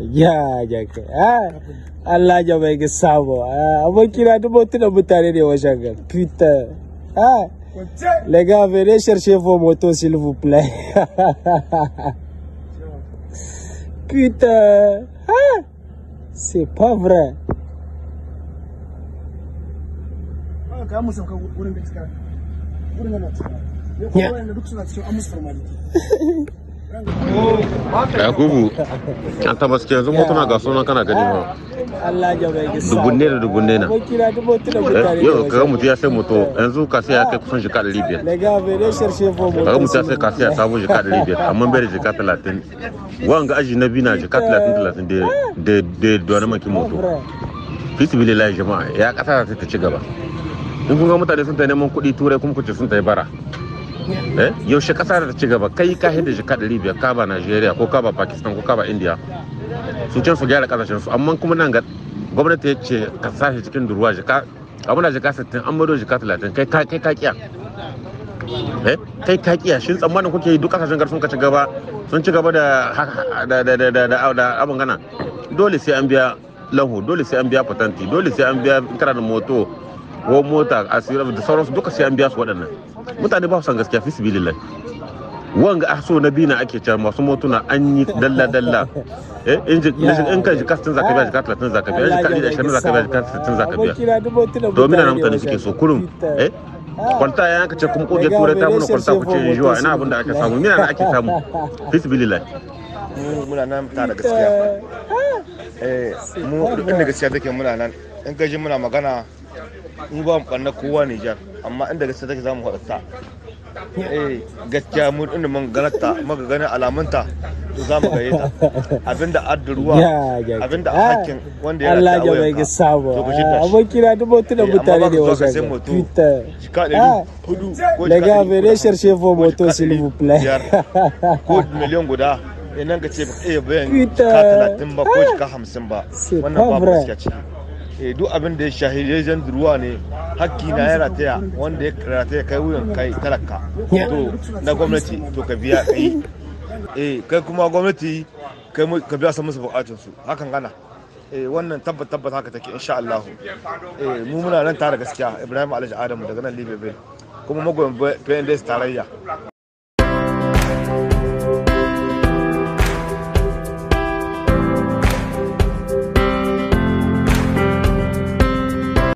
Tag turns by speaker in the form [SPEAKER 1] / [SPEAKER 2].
[SPEAKER 1] ya ah Allah ah Les gars, venez chercher vos motos, s'il vous plaît. Putain. Ah, C'est pas vrai.
[SPEAKER 2] yakubu a tabaski yanzu motuna ga suna kana gani ba dubunne da dubunne na
[SPEAKER 1] eh, yau kaga
[SPEAKER 2] mutu ya sai moto yanzu sai ya kai kusan jika
[SPEAKER 1] 500 kaga mutu ya sai sai ya sabon jika 500 amma
[SPEAKER 2] bai da jika 30 wanga aji na biyu na jika talatin da duwane makin moto fisibilillahi jama'a ya kasa ta ci gaba in kun ga mutane sun ta neman kuɗi turai kuma kuce sun ta yi bara Eh? yaushe kasa da ci gaba kai ka hidda jika libya ka kaba nigeria ko kaba pakistan ko kaba india su can su gyara kasashen su amma kuma nan ga gwamnati ya ce ka sashi cikin duruwa jika abuna jika tun an mado jika talatin kai ka kai ka kiya eh? kai ka kiya shin tsammanin kuke yi duk kasashen garsun ka ci gaba sun ci gaba da da abin gana dole sai an biya lahu dole sai an biya patanti dole sai an biya kana da moto ko mota asira da sauransu duka sai an biya su waɗannan mutane ba su san gaskiya fi lai wanga aso na na ake cewa masu motuna an yi dalla dalla eh in kan jika 60 zaka biya jika 30 zaka biya da 120 zaka biya
[SPEAKER 1] 60 domin nan mutane suke so
[SPEAKER 2] kurum eh ya ka ce kuma kogiyar turai ta muna kwanta ku ce ina abin ake samu mina na ake samu mm,
[SPEAKER 1] gaskiya eh mu duk inda gaskiya take muna nan ka magana in ba mu ɓanna kowa Nijar amma inda gaskiya take za mu haɗa eh gaskiya mun inda mun galata muka ganin alamunta to za mu gaye ta abinda adda ruwa abinda a hakkin wanda ya Allah ya bai gisa ah, eh, ba aboki na dubo tuna mutane da wasa twitter ka da ah. hudu ko da daga bere sharshe for moto s'il vous plaît ko miliyan guda inan eh, ga ce ba iya bayan ka 30 ba ko ka 50 ba wannan babu gaskiya ce Eh, duk abin da ya shahirejen ruwa ne hakki na ya taya wanda ya rataya kai wuyan kai talaka to na gwamnati to ka biya kai eh kai kuma gwamnati kai ka biya musu bukatun su hakan gana eh wannan tabbat tabbat haka take insha Allah eh mu muna nan tare gaskiya Ibrahim Alhaji Adamu daga nan Libreville kuma magoyan PNDS tarayya